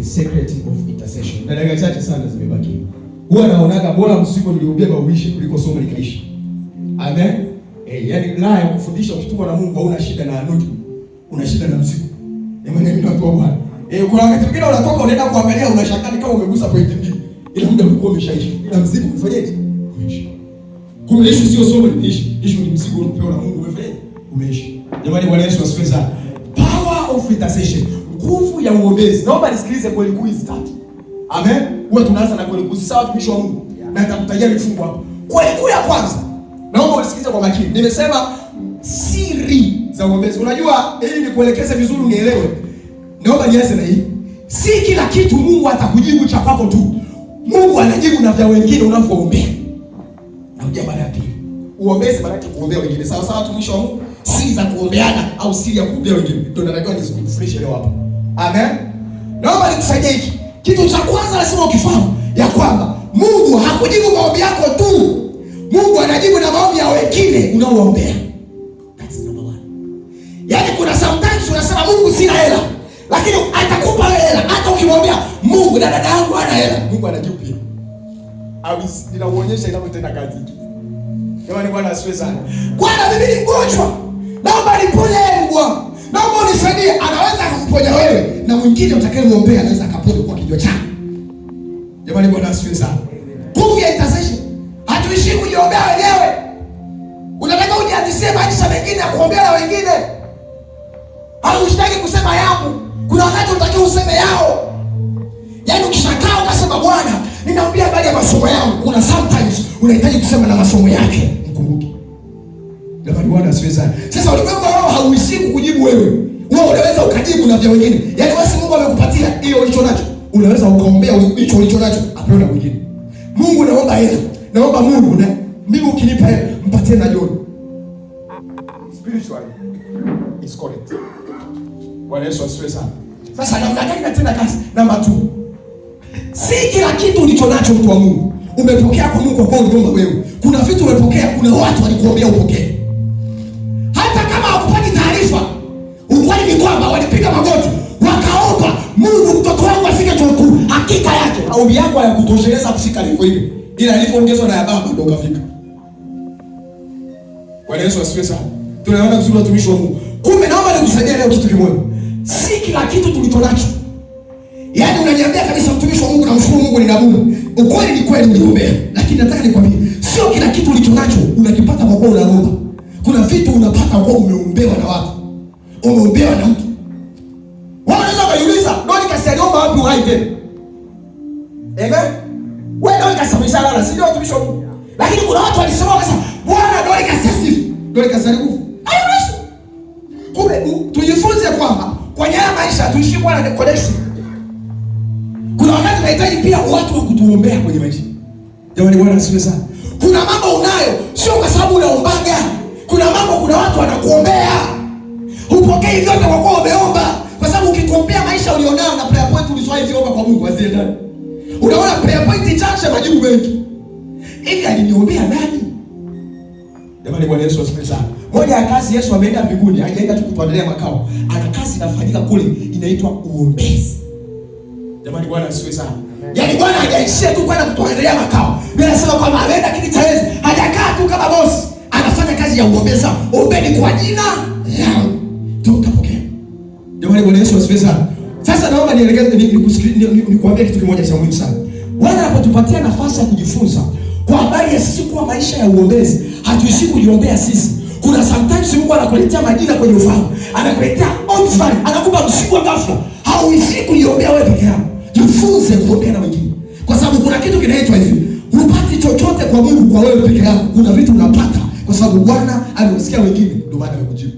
the secret of intercession. Na dakika chache sana zimebaki. Huwa naonaga bora mzigo kwa uishi kuliko somo likaishi. Amen. Eh, yani la ya kufundisha ukitumwa na Mungu hauna shida na noti. Una shida na mzigo. Ni maana mtu atoa Bwana. Eh, kuna wakati mwingine unatoka unaenda kuangalia unashangaa kama umegusa point mbili. Ila muda ulikuwa umeshaisha. Ila mzigo umefanyaje? Umeishi. Kumbe issue sio somo limeishi. Issue ni mzigo unapewa na Mungu umefanyaje? Umeishi. Jamani Bwana Yesu asifiwe sana. Power of intercession nguvu ya uombezi. Naomba nisikilize kweli kuu hizi tatu. Amen. Huwa tunaanza na kweli kuu sawa, tumishi wa Mungu. Na nitakutajia mifungo hapo. Kweli kuu ya kwanza. Naomba usikilize kwa makini. Nimesema siri za uombezi. Unajua ili nikuelekeze vizuri unielewe. Naomba nianze na hii. Si kila kitu Mungu atakujibu cha kwako tu. Mungu anajibu na vya wengine unavyoombea. Na uja baada ya pili. Uombezi baada ya kuombea wengine. Sawa sawa, tumishi wa Mungu. Si za kuombeana au si ya kuombea wengine. Ndio natakiwa nizungumzie leo hapa. Amen. Naomba nikusaidie hiki kitu cha kwanza, lazima ukifahamu ya kwamba Mungu hakujibu maombi yako tu, Mungu anajibu na maombi ya wengine unaoombea. That's number one. Yaani kuna sometimes unasema Mungu sina hela, lakini atakupa hela hata ukimwambia Mungu na dada yangu ana hela, Mungu anajibu pia. Ninaonyesha inavyotenda kazi hiki. Jamani, Bwana asiwe sana. Bwana mimi ni mgonjwa, naomba niponye Mungu wangu naomba unisaidie, anaweza akamponya wewe na mwingine utakayemwombea anaweza akaponywa kwa kinywa chako. Jamani, Bwana asifiwe sana. Nguvu ya intercession, hatuishii kujiombea wenyewe, unataka ujiandisie maisha mengine ya kuombea na wengine, au kusema yangu. Kuna wakati unatakiwa useme yao, yaani ukishakaa ukasema, Bwana, ninaambia habari ya masomo yangu, kuna sometimes unahitaji kusema na masomo yake Jamani Bwana asifiwe sana. Sasa ulimwengu wao roho hauishi kukujibu wewe. Wewe unaweza ukajibu na vya wengine. Yaani wewe Mungu amekupatia hiyo ulicho nacho. Unaweza ukaombea hicho ulicho nacho apewe na mwingine. Mungu naomba hela. Naomba Mungu na mimi ukinipa hela mpatie na John. Spiritually is correct. Bwana Yesu asifiwe sana. Sasa namna gani natenda kazi? Namba 2. Si kila kitu ulicho nacho mtu wa Mungu. Umepokea kwa Mungu kwa kuomba wewe. Kuna vitu umepokea, kuna watu walikuombea upokee. walipiga magoti wakaomba, Mungu mtoto wangu afike chuo kikuu. Hakika yake maombi yako hayakutosheleza kufika lengo hili, ila alipoongezwa na ya baba ndio kafika. Bwana Yesu asifiwe sana. Tunaona vizuri watumishi wa Mungu. Kumbe naomba nikusaidie leo kitu kimoja, si kila kitu tulichonacho Yaani unaniambia kabisa mtumishi wa Mungu na mshukuru Mungu nina Mungu. Ukweli ni kweli uliombea. Lakini nataka nikwambie, sio kila kitu ulicho nacho unakipata kwa kuwa unaomba. Kuna vitu unapata kwa umeombewa na watu. Umeombewa na mtu kasi aliomba wapi uhai tena? Amen. Wewe ndio ukasamehisha lala, si ndio watumishi wa Mungu? Lakini kuna watu walisema wakasema Bwana ndio alikasisi. Ndio alikasaribu. Haiwezi. Kumbe tujifunze kwamba kwenye haya maisha tuishi Bwana kwa Yesu. Kuna wakati tunahitaji pia watu wa kutuombea kwenye maisha. Jamani Bwana asifiwe sana. Kuna mambo unayo sio kwa sababu unaombaga. Kuna mambo kuna watu wanakuombea. Hupokei vyote kwa kuwa umeomba kwa sababu ukikompea maisha ulionayo na prayer point ulizowahi ziomba kwa Mungu ndani, Unaona prayer point chache, majibu mengi. Hivi aliniombea nani? Jamani, Bwana Yesu asifiwe sana. Moja ya kazi Yesu ameenda mbinguni, hajaenda tu kutuandalia makao. Ana kazi inafanyika kule inaitwa uombezi. Jamani, Bwana asifiwe sana. Yaani Bwana hajaishia tu kwenda kutuandalia makao. Bila sema kwamba ameenda kiti cha Yesu, hajakaa tu kama bosi. Anafanya kazi ya uombezi. Ombeni kwa jina lao. Amen. Bwana Yesu asifiwe sana. Sasa naomba nielekeze ni, ni, nikuambie kitu kimoja cha muhimu sana. Bwana anapotupatia nafasi ya kujifunza kwa habari ya sisi kuwa maisha ya uombezi, hatuishi kujiombea sisi. Kuna sometimes Mungu anakuletea majina kwenye ufahamu, anakuletea onfani, anakupa msiku wa ghafla, hauishi kuiombea wewe peke yako. Jifunze kuombea na wengine, kwa sababu kuna kitu kinaitwa hivi, hupati chochote kwa Mungu kwa wewe peke yako. Kuna vitu unapata kwa sababu Bwana amewasikia wengine, ndio baada ya kujibu.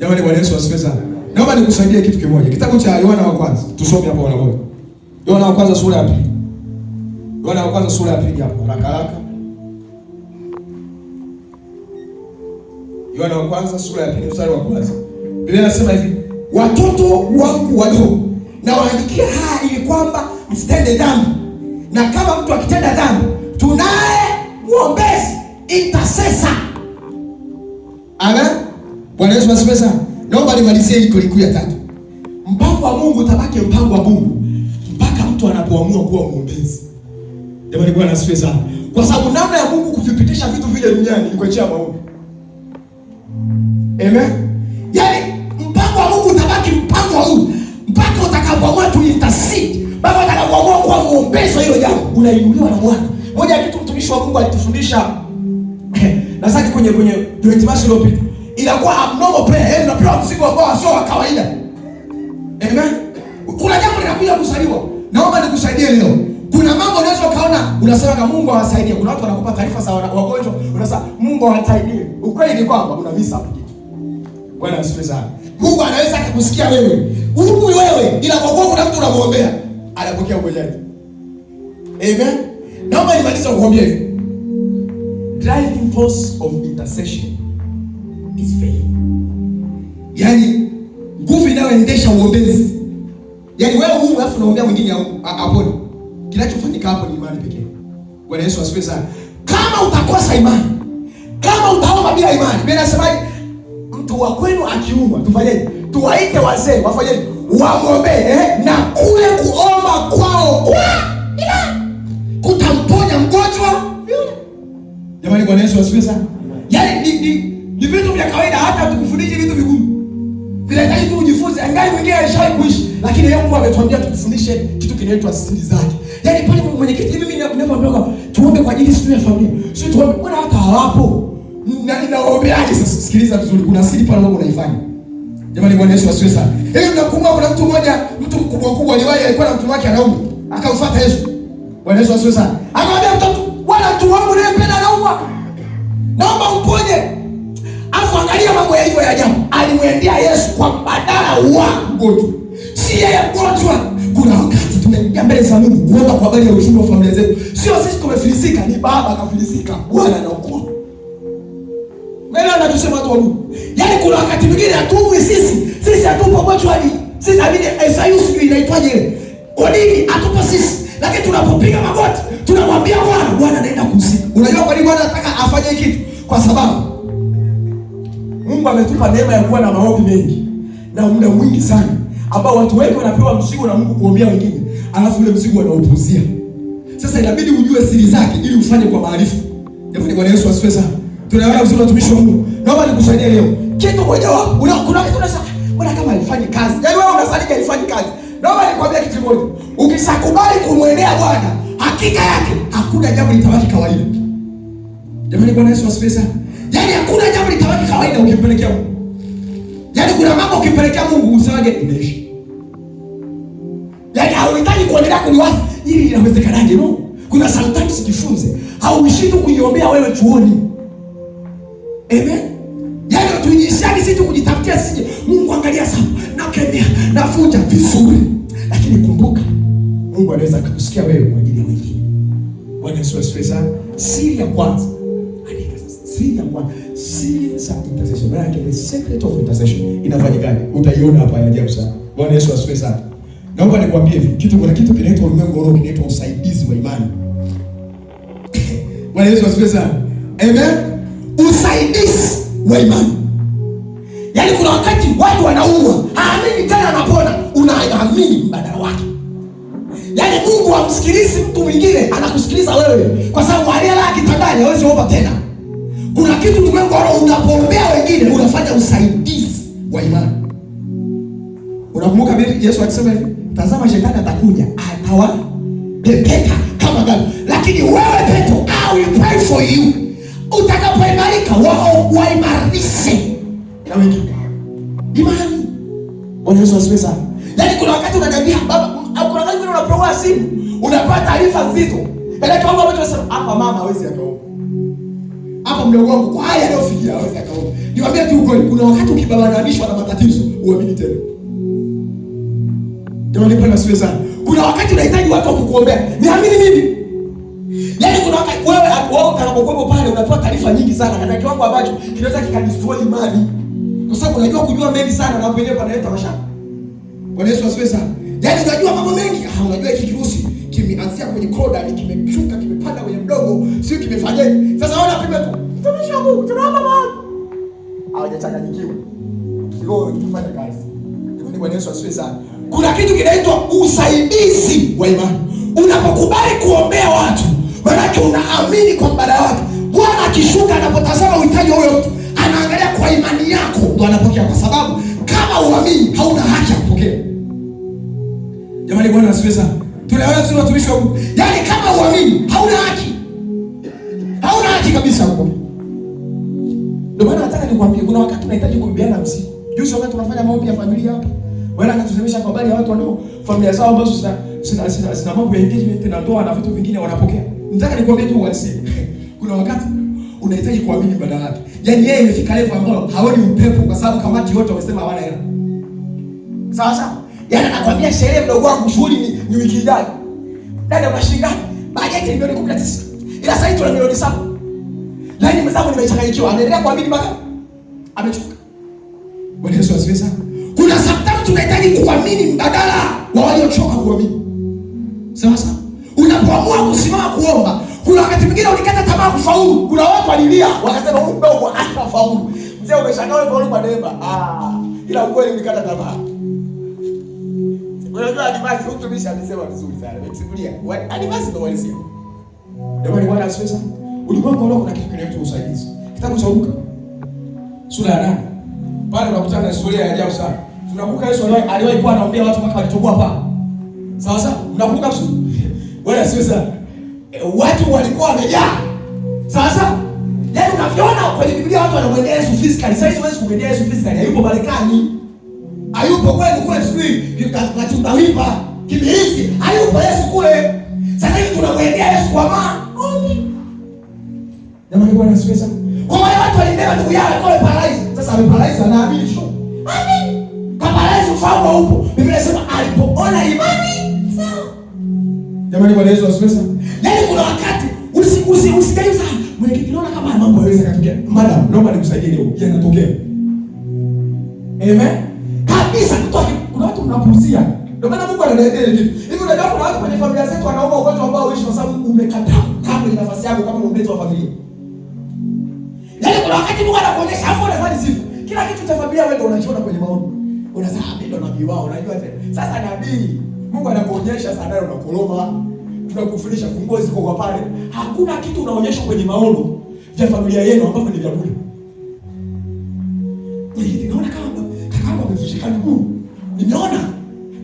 Jamani, Bwana Yesu asifiwe sana. Naomba nikusaidie kitu kimoja. Kitabu cha Yohana wa kwanza. Tusome hapo wana moja. Yohana wa kwanza sura ya pili. Yohana wa kwanza sura ya pili hapo. Haraka haraka. Yohana wa kwanza sura ya pili mstari wa kwanza. Biblia inasema hivi, watoto wangu wadogo na waandikia haya ili kwamba msitende dhambi. Na kama mtu akitenda dhambi, tunaye muombezi intercessor. Amen. Bwana Yesu asifiwe sana. Naomba nimalizie hii tuliku ya tatu. Mpango wa Mungu utabaki mpango wa Mungu mpaka mtu anapoamua kuwa mwombezi. Jamani, Bwana asifiwe sana. Kwa sababu namna ya Mungu kuvipitisha vitu vile duniani ni kwa njia ya maombi. Amen. Yaani mpango wa Mungu utabaki mpango wa Mungu mpaka utakapoamua tu intercede. Baba, atakapoamua kuwa mwombezi hilo jambo unainuliwa na Bwana. Moja ya kitu mtumishi wa Mungu alitufundisha nasaki kwenye kwenye Joint Mass iliyopita inakuwa abnormal prayer, yaani unapewa mzigo ambao sio wa kawaida. Amen. Kuna jambo linakuja kusaliwa, naomba nikusaidie leo. Kuna mambo unaweza ukaona unasema kama Mungu awasaidie. Kuna watu wanakupa taarifa za wagonjwa, unasema Mungu awasaidie. Ukweli ni kwamba kuna visa hapo kitu. Bwana asifiwe sana. Mungu anaweza akakusikia wewe. Huku wewe ila kwa kuwa kuna mtu unamwombea, anapokea uponyaji. Amen. Naomba nimalize kukuambia hivi. Driving force of intercession is faith. Yaani nguvu inayoendesha uombezi. Yaani wewe Mungu alafu unaombea mwingine hapo. Kinachofanyika hapo ni imani pekee. Bwana Yesu asifiwe sana. Kama utakosa imani, kama utaomba bila imani, mimi nasema Mtu wa kwenu akiumwa, tufanyeni? Tuwaite wazee, wafanyeni? Waombe eh? Na kule kuomba kwao kwa imani kutamponya mgonjwa Jamani, Bwana Yesu asifiwe sana. Yaani ni, ni ni vitu vya kawaida, hata tukufundishi vitu vigumu, vinahitaji tu ujifunze. Angai mwingine alishawai kuishi, lakini yeye Mungu ametuambia tukufundishe kitu kinaitwa siri zake. Yaani pale mwenyekiti, mimi ninapoambiwa tuombe kwa ajili sisi ya familia, sisi tuombe, kuna hata hapo na ninaombeaje? Sasa sikiliza vizuri, kuna siri pale Mungu unaifanya. Jamani, Bwana Yesu asifiwe sana. Hivi yaani mnakumbuka kuna mtu mmoja, mtu mkubwa mkubwa aliwahi, alikuwa na mtu wake anaumwa, akamfuata Yesu. Bwana Yesu asifiwe sana. Akamwambia mtoto, wala mtu wangu naye pena anaumwa, naomba mponye Alafu angalia mambo yalivyo ya ajabu, alimwendea Yesu kwa mbadala wa mgonjwa, si yeye mgonjwa. Kuna wakati tumeingia mbele za Mungu kuomba kwa habari ya uzima wa familia zetu, sio sisi tumefilisika, ni Baba akafilisika. Bwana anaokoa mbele, anatusema watu wa Mungu. Yaani kuna wakati mwingine hatuumwi sisi, sisi hatupo mochwani, sisi amini Isaiah, sijui inaitwaje ile odini, hatupo sisi lakini tunapopiga magoti tunamwambia Bwana, Bwana anaenda kuhusika. Unajua kwa nini Bwana anataka afanye kitu? Kwa sababu Mungu ametupa neema ya kuwa na maombi mengi na muda mwingi sana, ambao watu wengi wanapewa mzigo na Mungu kuombea wengine, alafu ule mzigo wanaupuzia. Sasa inabidi ujue siri zake ili ufanye kwa maarifa. Jamani, Bwana Yesu asifiwe sana. Tunaona uzuri watumishi wa Mungu. Naomba nikusaidie leo. Kitu moja wapo, una kuna kitu unasema, Bwana kama alifanye kazi? Yaani wewe unasadiki alifanye kazi. Naomba nikwambie kitu kimoja. Ukishakubali kumwendea Bwana, hakika yake hakuna jambo litabaki kawaida. Jamani, Bwana Yesu asifiwe sana hakuna jambo litabaki kawaida ukimpelekea Mungu. Yaani kuna mambo ukimpelekea Mungu usiwage unaishi. Yaani hauhitaji kuendelea kuliwaza ili inawezekanaje no? Kuna sometimes jifunze. Hauishi tu kuiombea wewe chuoni. Amen. Yaani tuinishiani sisi tu kujitafutia sisi. Mungu angalia sana. Nakemea, nafunja vizuri. Lakini kumbuka Mungu anaweza kukusikia wewe kwa ajili ya wengine. Bwana Yesu asifiwe sana. Siri ya kwanza. Siri ya kwanza seals of intercession. Maana yake the secret of intercession. Inafanyikaje? Utaiona hapa ya ajabu sana. Bwana Yesu asifiwe sana. Naomba nikwambie hivi, kitu kuna kitu kinaitwa ulimwengu roho kinaitwa usaidizi wa imani. Bwana Yesu asifiwe sana. Amen. Usaidizi wa imani. Yaani kuna wakati watu wanaumwa haamini tena anapona, unaamini mbadala wake. Yaani Mungu hamsikilizi mtu mwingine, anakusikiliza wewe kwa sababu aliyelala kitandani hawezi kuomba tena. Kuna kitu ulimwengu roho, unapombea wengine unafanya usaidizi wa imani. Unakumbuka bibi Yesu alisema hivi, tazama shetani atakuja atawapepeta kama gani, lakini wewe Petro, I will pray for you, utakapoimarika wao waimarishe na wengine imani. Bwana Yesu asifiwe sana. Yaani kuna wakati unajambia baba, kuna wakati unapewa simu unapata taarifa nzito, lakini mambo ambayo unasema hapa mama hawezi akaomba kwako mdogo wangu kwa haya yanayofikia hawezi akaomba. Niwaambie tu ukweli, kuna wakati ukibabananishwa na matatizo uamini tena. Ndio Jamani bwana siwe sana. Kuna wakati unahitaji watu wa kukuombea. Niamini mimi. Yaani kuna wakati wewe wao kanapokuwa pale unapewa taarifa nyingi sana katika kiwango ambacho kinaweza kikadestroy imani. Kwa sababu unajua kujua mengi sana na kwenyewe panaleta mashaka. Bwana Yesu asifiwe sana. Yaani unajua mambo mengi. Ah, unajua hiki kirusi kimeanzia kwenye koda, kimeshuka, kimepanda kwenye mdomo, sio kimefanyaje. Sasa wewe unapima tu. Mtumishi wa Mungu, tunaomba Bwana. Hawajachanganyikiwa. Kiroho kitafanya kazi. Imani Bwana Yesu asifiwe sana. Kuna kitu kinaitwa usaidizi wa imani. Unapokubali kuombea watu, maanake unaamini kwa mbada wake. Bwana akishuka anapotazama uhitaji wa huyo mtu, anaangalia kwa imani yako ndo anapokea kwa sababu kama uamini hauna haki ya kupokea. Jamani Bwana asifiwe sana. Tunaelewa sisi watumishi wa Mungu. Yaani kama uamini hauna haki. Hauna haki kabisa kupokea. Ndio maana nataka nikwambie kuna wakati tunahitaji kuibiana mzigo. Juzi wakati tunafanya maombi ya familia hapa, wewe akatusemesha kwa habari ya watu wanao familia zao ambazo zina zina zina, zina mambo ya engagement na ndoa na vitu vingine wanapokea. Nataka nikwambie tu uhalisia. kuna wakati unahitaji kuamini badala yake. Yaani yeye imefika level ambayo haoni upepo kwa sababu kamati yote wamesema hawana hela. Sawa sawa? Yaani anakwambia sherehe mdogo wako shughuli ni, ni wiki ijayo. Dada mashinga, bajeti ni milioni 19. Ila sasa hivi tuna milioni 7. Lakini mzangu nimechanganyikiwa, anaendelea kuamini mpaka amechoka. Bwana Yesu asifiwe sana. Kuna sometimes tunahitaji kuamini mbadala wa waliochoka kuamini. Sawa sawa. Unapoamua kusimama kuomba, kuna wakati mwingine ulikata tamaa kufaulu. Kuna watu walilia, wakasema huyu mdogo hata faulu. Mzee umeshangaa wewe faulu kwa neema. Ah, ila ukweli ulikata tamaa. Unajua adivasi huyu mtumishi alisema vizuri sana. Nimekusimulia. Adivasi ndo walisema. Ndio Bwana asifiwe sana ulimwengu leo kuna kitu kinaitwa usaidizi. Kitabu cha Luka sura ya 8 pale unakutana na historia ya ajabu sana. Tunakumbuka Yesu aliwahi kuwa anaombea watu mpaka walitoboa paa. Sawa sawa, mnakumbuka vizuri? Wala sio sana. E, watu walikuwa wamejaa. Sawa sawa. Yaani unaviona kwenye Biblia watu wanamwendea Yesu physically. Sasa huwezi kumwendea Yesu physically. Hayupo Marekani. Hayupo kwenu kwenu sijui katika chumba hipa. Kimhisi. Hayupo Yesu kule. Sasa hivi tunamwendea Yesu kwa maana Jamani Bwana Yesu Kristo. Kwa wale watu walinena ndugu yao alikuwa paralyze. Sasa ameparalize na amini sio? Amini. Kaparalyze ufahamu haupo. Biblia inasema alipoona imani sawa. Jamani Bwana Yesu Kristo. Yaani kuna wakati usi usi usijali sana. Mwenyekiti naona kama mambo hayawezi kutokea. Madam, naomba nikusaidie leo. Yanatokea. Amen. Kabisa mtu kuna watu mnapuzia. Ndio maana Mungu anadaidia kitu. Hivi unajua kuna watu kwenye familia zetu wanaomba ugonjwa ambao uishi kwa sababu umekataa kama nafasi yako kama mlezi wa familia. Yaani kuna wakati Mungu anakuonyesha hapo unazani sifu. Kila kitu cha familia wewe ndio unachoona kwenye maono. Unazaa ah, mimi ndo nabii wao, unajua tena. Sasa nabii Mungu anakuonyesha sana unakoroma. Tunakufundisha funguo ziko kwa pale. Hakuna kitu unaonyeshwa kwenye maono vya familia yenu ambavyo ni vya bure. Ni naona kama kama umeshika mguu. Nimeona.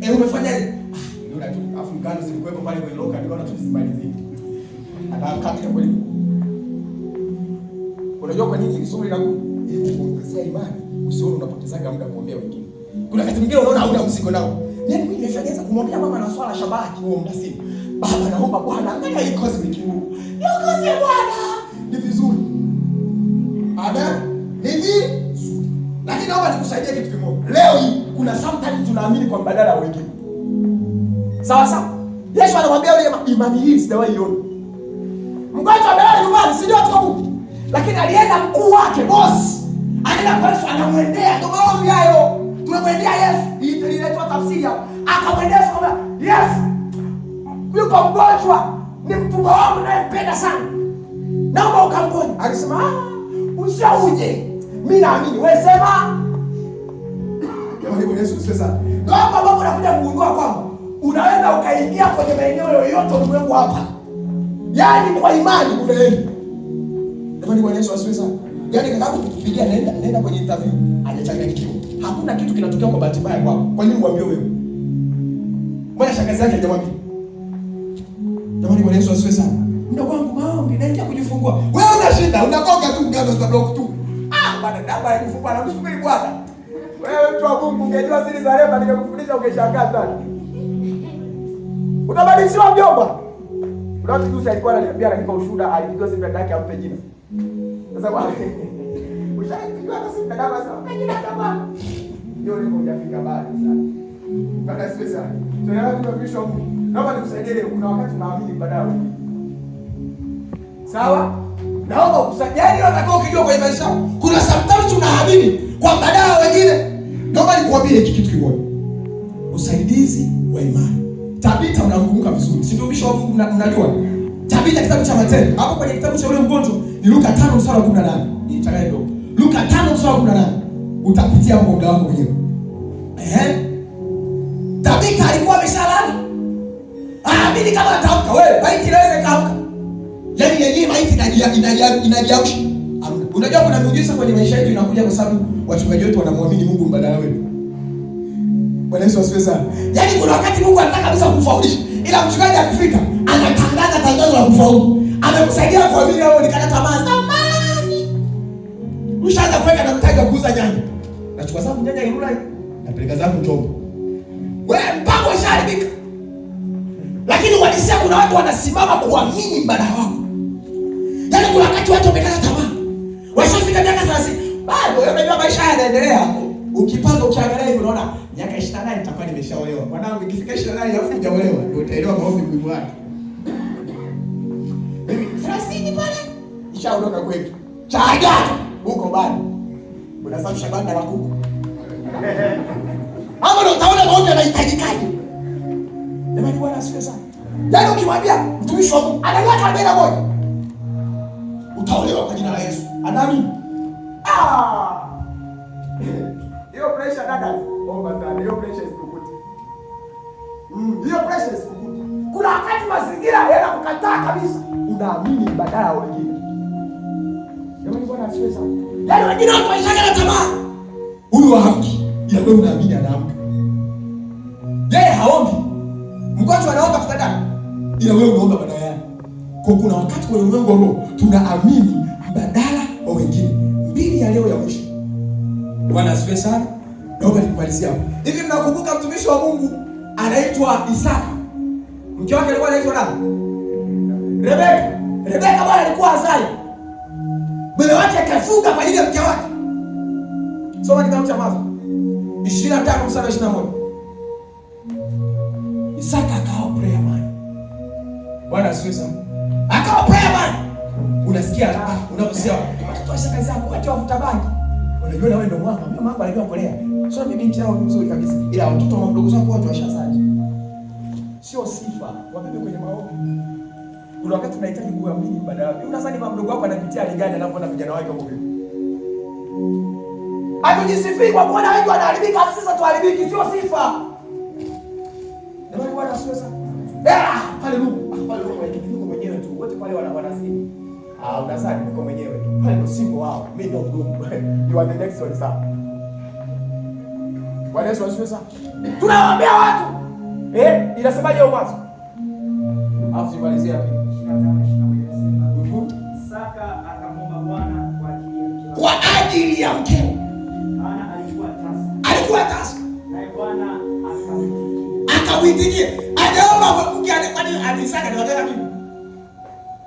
Eh, umefanyaje? Ah, Nimeona tu afu zilikuwepo pale kwenye loka nikaona tu zimalizike. Atakakata kwa nini? Unajua kwa nini somo nzuri ili kuongezea imani, usione unapotezaga muda kuombea wengine. Kuna wakati mwingine unaona hauna mzigo nao. Yaani mimi nimeshaanza kumwambia mama na swala shabaha lake muda si. Baba naomba Bwana angalia hii kozi ni huu. Niongoze Bwana. Ni vizuri. Ada ni vizuri. lakini naomba nikusaidie kitu kimoja. Leo hii kuna sometimes tunaamini kwa mbadala wa wengine. Sawa sawa. Yesu anawaambia yule imani hii sijawahi iona. Mgonjwa amelala nyumbani, si ndio tukabu? lakini alienda mkuu wake boss, anaenda kwa Yesu, anamwendea. Ndio maombi hayo, tunamwendea Yesu, inaitwa tafsiri hapo. Akamwendea Yesu kwamba Yesu, yuko mgonjwa, ni mtumwa wangu nayempenda sana, naomba ukamponye. Alisema ah, uje, mi naamini wewe, sema kugundua kwamba unaweza ukaingia kwenye maeneo yoyote ulimwengu hapa, yaani kwa imani unaenda Jamani Bwana Yesu asifiwe sana. Yaani kaka yangu kupigia nenda naenda kwenye interview, hajachanganyikiwa. Hakuna kitu kinatokea kwa bahati mbaya kwako. Kwa nini uambiwe wewe? Mbona shangazi yake hajamwambia? Jamani Bwana Yesu asifiwe sana. Mdogo wangu maombi naenda kujifungua. Wewe una shida, unakoga tu ngano za block tu. Ah, bwana daba alifungua na mshukuru Bwana. Wewe mtu wa Mungu ungejua siri za Rema ningekufundisha ungeshangaa sana. Utabadilishwa mjomba. Unaweza kusikia alikuwa ananiambia lakini kwa ushuhuda alipigiwa simu yake ampe jina. Sasa bwana, leo kuna wakati naamini baadaye. Sawa? Naomba ukusaidie yaani watakao ukijua kwenye maisha. Kuna sometimes tunaamini kwa baadaye wengine. Naomba nikuambie hiki kitu kimoja. Usaidizi wa imani. Tabita mnamkumbuka vizuri. Si ndio mshauri mnajua? Tabia kitabu cha Matendo. Hapo kwenye kitabu cha yule mgonjwa ni Luka 5 mstari wa 18. Nitakaye ndio. Luka 5 mstari wa 18. Utapitia hapo muda wako hiyo. Eh? Tabika alikuwa ameshalala. Ah, mimi kama ataamka wewe, baiti inaweza kaamka. Yaani yeye yaani, yaani, maiti inajiamsha. Unajua kuna miujiza kwenye maisha yetu inakuja kwa sababu wachungaji wetu wanamwamini Mungu mbadala wetu. Bwana Yesu asifiwe sana. Yaani kuna wakati Mungu anataka kabisa kufaulisha ila mchungaji akifika anatangaza tangazo la kufaulu, amekusaidia familia yao nikata tamaa zamani, ushaanza kuweka na mtaji wa kuuza nyanya, nachukua zangu nyanya Ilula napeleka zangu Tombo, wewe mpango ushaharibika. Lakini uhalisia, kuna watu wanasimama kuamini mbada wako, yaani kuna wakati watu wamekata tamaa, washafika miaka thelathini bado, unajua maisha yanaendelea Ukipanga ukiangalia hivi unaona miaka 28 nitakuwa nimeshaolewa. Mwanangu ikifika 28 alafu hujaolewa, ndio utaelewa maombi mwingi wake. Mimi 30 pale nishaondoka kwetu. Cha ajabu huko bado. Unasafisha banda la kuku. Hapo ndio utaona maombi yanahitajikaje. Jamani Bwana asifiwe sana. Yaani ukimwambia mtumishi wa Mungu analia kabla moja. Utaolewa kwa jina la Yesu. Anani? Ah! Hiyo pressure dada, omba sana. Hiyo pressure isikukuti. Mm, hiyo pressure isikukuti. Kuna wakati mazingira yanakukataa kabisa, unaamini badala ya wengine. Jamani, bwana asiwe sana. Yaani wengine watu waishaga na tamaa. Huyu haamki. Ila wewe unaamini anaamka. Yeye haombi. Mgonjwa anaomba kitandani. Ila wewe unaomba badala yake. Kwa kuna wakati kwenye ulimwengu wa roho tunaamini badala wa wengine. Mbili ya leo ya mwisho Bwana asifiwe sana. Naomba nikumalizie hapo. Hivi mnakumbuka mtumishi wa Mungu anaitwa Isaka. Mke wake alikuwa anaitwa nani? Rebeka. Rebeka bwana alikuwa azai. Mume wake akafunga kwa ajili ya mke wake. Soma kitabu cha Mwanzo 25 mstari 21. Isaka akawa prayer man. Bwana asifiwe sana. Akawa prayer man. Unasikia ah, unaposikia watoto wa shaka zako, wote wafuta bangi. Unajua wewe ndio mwanga. mimi mwamba anajua kulea. Sio mimi binti yao mzuri kabisa. Ila watoto wa mdogo zako watu washazaji. Sio sifa, wabebe kwenye maombi. Kuna wakati tunahitaji ya kuamini baada ya. Unadhani mama mdogo wako anapitia hali gani anapoona vijana wake wako vipi? Hatujisifii kwa kuona wengi wanaharibika, hata sasa tuharibiki, sio sifa. Ndio Bwana asiweza. Eh, haleluya. Ah, haleluya. Kitu mwenyewe tu. Wote pale wana wanasini. Ah, niko mwenyewe tu. Pale ndo simbo wao. Mimi ndo mgumu. You are the next one sir. Bwana Yesu asifiwe sana. Tunawaambia watu. Eh, inasemaje huko mwanzo? Afu simalizia hapo. kwa ajili ya mkeo. alikuwa tasa. akamwitikia. Ajaomba kwa nini? Alisaka ndio anataka nini?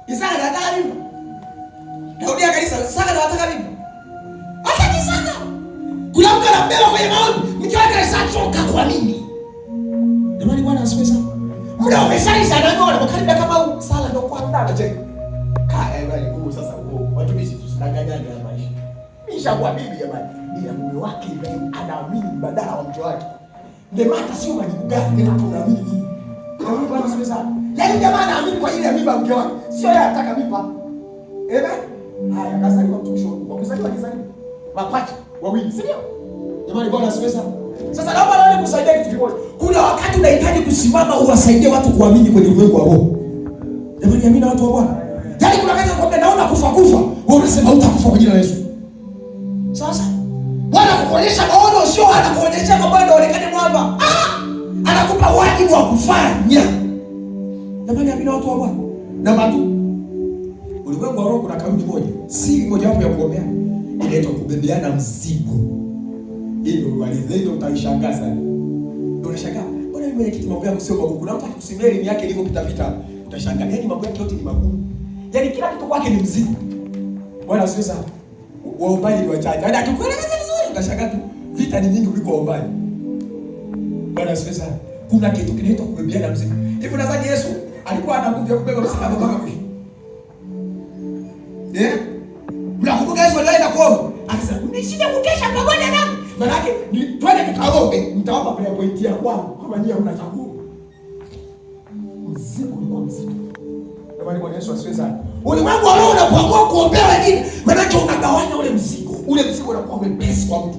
Isaka anataka nini? Narudia kanisa, Isaka nawataka mimi. Hata Isaka. Kuna mtu anabeba kwenye maombi, mke wake alishachoka kwa nini? Jamani Bwana asifiwe sana. Muda umeshali sana ngoma kwa karibu kama sala ndio kwa ndani je. Ka eh bali huu sasa Watu watumishi tusidanganyane na maisha. Nishakuwa bibi jamani. Ni ya mume wake anaamini badala wa mke wake. Ndio maana sio majibu gani ni na tunaamini. Kwa Bwana asifiwe sana. Yaani jamani anaamini kwa ile mimba mke wake. Sio yeye anataka mimba. Amen. Haya, akazaliwa mtumishi wa Mungu. Akizaliwa akizaliwa mapacha wawili, si ndio? Jamani, Bwana asifiwe sana. Sasa naomba leo nikusaidia kitu kimoja. Kuna wakati unahitaji kusimama uwasaidie watu kuamini kwenye ulimwengu wa roho. Jamani, amina watu wa Bwana. Yaani kuna wakati unakwambia naona kufa kufa, wewe unasema hutakufa kwa jina la Yesu. Sasa Bwana kukuonyesha maono sio anakuonyesha kwamba ndio mwamba. Ah! Anakupa wajibu wa kufanya. Jamani, amina watu wa Bwana. Na matu ulimwengu wa roho kuna kanuni moja, si moja wapo ya kuombea inaitwa kubebeana mzigo. Hilo uliwaliza hilo, utaishangaa sana. Ndio Unashangaa mbona mimi mwenye kitu mambo yangu sio magumu. Kuna mtu akikusimulia elimu yake ilivyopita pita, utashangaa yaani mambo yake yote ni magumu, yaani kila kitu kwake ni mzigo. Bwana sio sana, waombaji ni wachache, hadi yaani atukuelekeza vizuri, utashangaa tu vita ni nyingi kuliko waombaji. Bwana sio sana, kuna kitu kinaitwa kubebeana mzigo. Hivi nadhani Yesu alikuwa ana nguvu ya kubeba msalaba mpaka mwisho Eh? Unakumbuka Yesu aliwaenda kuomba, akasema umeshinda kukesha pamoja nami. Maana yake ni twende tukaombe, nitawapa prayer point ya kwangu kama nyinyi hamna cha kuomba. Mzigo ulikuwa mzito. Jamani Bwana Yesu asifiwe sana. Ulimwengu wa roho unapoamua kuombea wengine, maana yake unagawanya ule mzigo. Ule mzigo unakuwa mwepesi kwa mtu.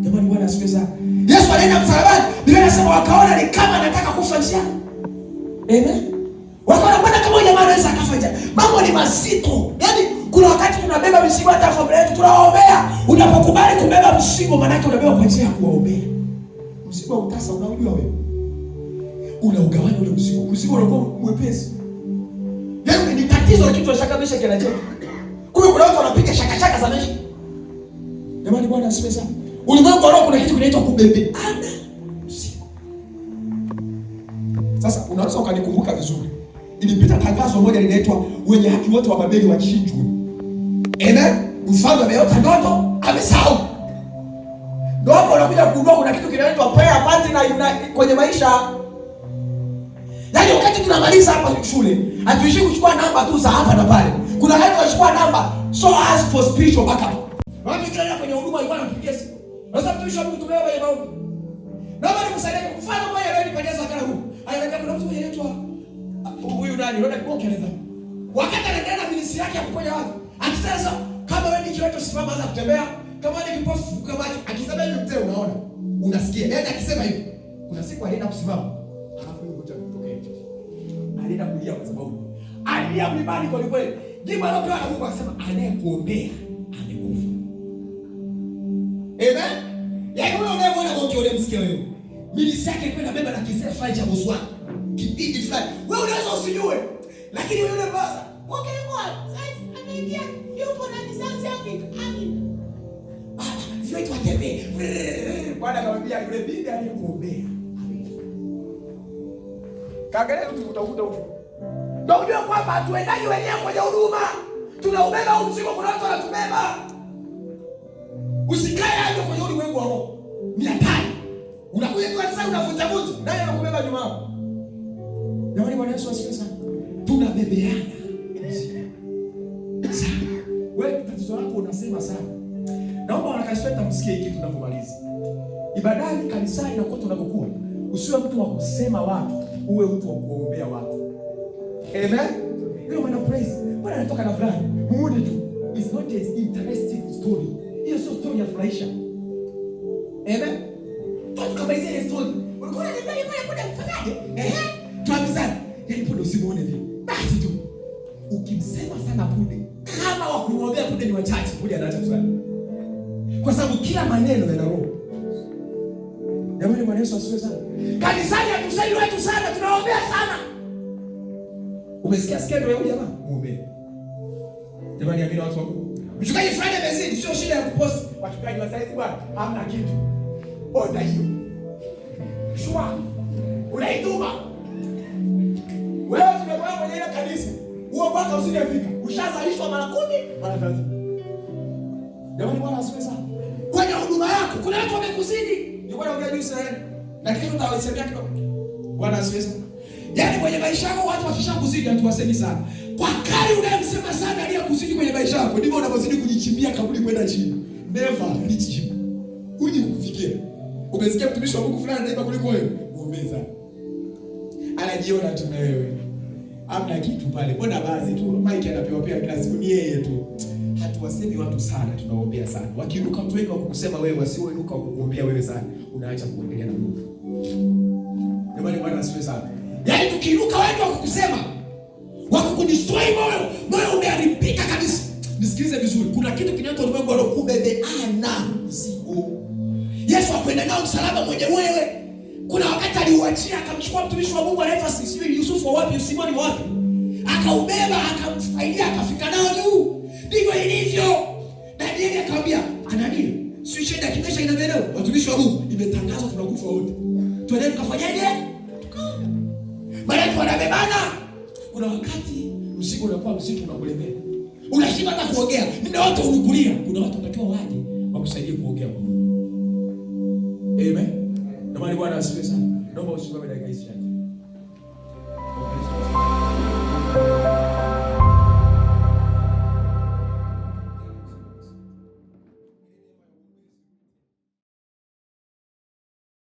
Jamani Bwana asifiwe sana. Yesu alienda msalabani, Biblia inasema wakaona ni kama anataka kufa njiani. Amen. Wakaona kama huyu jamaa anaweza akafanya. Mambo ni mazito. Yaani kuna wakati tunabeba mzigo hata familia yetu Unapokubali kubeba unabeba kwa njia ya kuwaombea. wa utasa unaujua wewe. Unaugawanya ule unakuwa mwepesi. Yaani ni tatizo la kitu shaka kuna watu wanapiga shaka shaka za Jamani Bwana asifiwe sana. Ulimwengu wa roho kuna kitu kinaitwa kubebeana. Sasa unaweza ukanikumbuka vizuri ilipita tangazo moja linaitwa wenye haki wote wa Babeli wachinjwe. Amen. Mfalme ameota ndoto, amesahau ndogo, unakuja kugundua kuna kitu kinaitwa prayer party na yuna, kwenye maisha yaani, wakati tunamaliza hapa shule hatuishi kuchukua namba tu za hapa na pale, kuna watu wanachukua namba so as for spiritual backup. Wapi kila kwenye huduma walikuwa wanapigia simu, unaweza kutumisha Mungu tumeo kwenye maombi, naomba nikusaidie kufanya moja leo, nipendeza kana huu, aidha kuna mtu mwenye anaitwa huyu nani unaenda kwa keleza. Wakati anaendelea na minisi yake ya kuponya watu, akisema kama wewe ni kiwete usimama anza kutembea, kama ni kipofu funguka macho, akisema hivi mzee unaona. Unasikia. Yaani akisema hivi. Kuna siku alienda kusimama. Alafu yule mtu akitokea hivi. Alienda kulia kwa sababu alilia mlimani kwa kweli. Jibu aliyopewa na Mungu akasema anayekuombea amekufa. Amen. Yaani wewe unayemwona kwa kiole msikia wewe. Minisi yake kwenda beba na kizee cha Boswana kipindi fulani, wewe unaweza usijue, lakini wewe unaweza okay, kwa sasa ameingia yupo na misanzi yake amina, ah, viweke watembee. Bwana akamwambia yule bibi aliyekuombea, kaangalia mtu utakuta huko, ndio unajua kwamba hatuendaji wenyewe kwenye huduma, tunaubeba huu mzigo, kuna watu wanatubeba. Usikae hapo kwenye ulimwengu wa roho, ni hatari. Unakuja kwa sasa unavunja vunja, naye anakubeba nyuma yako. Jamani, Bwana Yesu asifiwe sana. Tunabebeana sana. Wewe tatizo lako unasema sana. Naomba msikie hiki ibadani kanisani na kote unakokuwa, usiwe mtu wa kusema watu, uwe mtu wa kuombea watu. Amen. Leo mwana praise, anatoka na fulani muone tu, is not an interesting story. Hiyo sio story ya furahisha. Amen. Tukamalizia ile story. Ulikuwa unaendelea pale kwa mfanyaje? Eh? kabisa, yani punde usimuone vile basi tu. Ukimsema sana punde, kama wakumwambia punde ni wachache, moja anaacha kusali, kwa sababu kila maneno yana roho. Jamani, Bwana Yesu asiwe sana kanisani, hatusali wetu sana, tunaombea sana. Umesikia skendo ya jamaa mume, jamani, amina watu wangu. Mchungaji fulani amezidi, sio shida ya kuposti. Wachungaji wa saizi bwana, hamna kitu. Ona hiyo. Shwa. Unaituma. huo mpaka usingefika, ushazalishwa mara kumi mara kadhaa. Jamani, Bwana asifiwe sana. Kwenye huduma yako kuna watu wamekuzidi, nilikuwa naongea juu sana, lakini nitawasemea kidogo. Bwana asifiwe sana. Yaani kwenye maisha yako watu wakishakuzidi hatuwasemi sana. Kwa kali unayemsema sana aliyekuzidi kwenye maisha yako ndivyo unavyozidi kujichimbia kaburi kwenda chini. Never reach him. Uje kufikia. Umesikia mtumishi wa Mungu fulani anaiba kuliko wewe. Muombeza. Anajiona tu na wewe amna kitu pale, mbona basi tu mike anapewa pia kila siku, ni yeye tu. Hatuwasemi watu sana, tunaombea sana. Wakiruka mtu wengi wakukusema wewe, wasioinuka kukuombea wewe sana, unaacha kuendelea na Mungu. Jamani, bwana asifiwe sana. Yaani tukiruka wengi wakukusema, wakukudestroy moyo, moyo umeharibika kabisa. Nisikilize vizuri, kuna kitu kinaitwa ulimwengu, alokubebeana mzigo. Yesu akwenda nao msalaba mwenye wewe kuna wakati aliuachia akamchukua mtumishi wa Mungu anaitwa sijui Yusufu wa wapi, Simoni wa wapi, akaubeba akamfaidia, akafika nao juu. Ndivyo ilivyo. Danieli akamwambia Anania, sio shida kimesha, inaelewa watumishi wa Mungu, imetangazwa tunakufa wote, twende tukafanyaje? Maana wanabebana. Kuna wakati mzigo unakuwa mzito, unakulemea, unashinda hata kuongea, muda wote unukulia. Kuna watu watakiwa waje wakusaidie kuongea kwa Amen. Ndio maana Bwana asifiwe sana. Naomba usimame dakika hizi chache.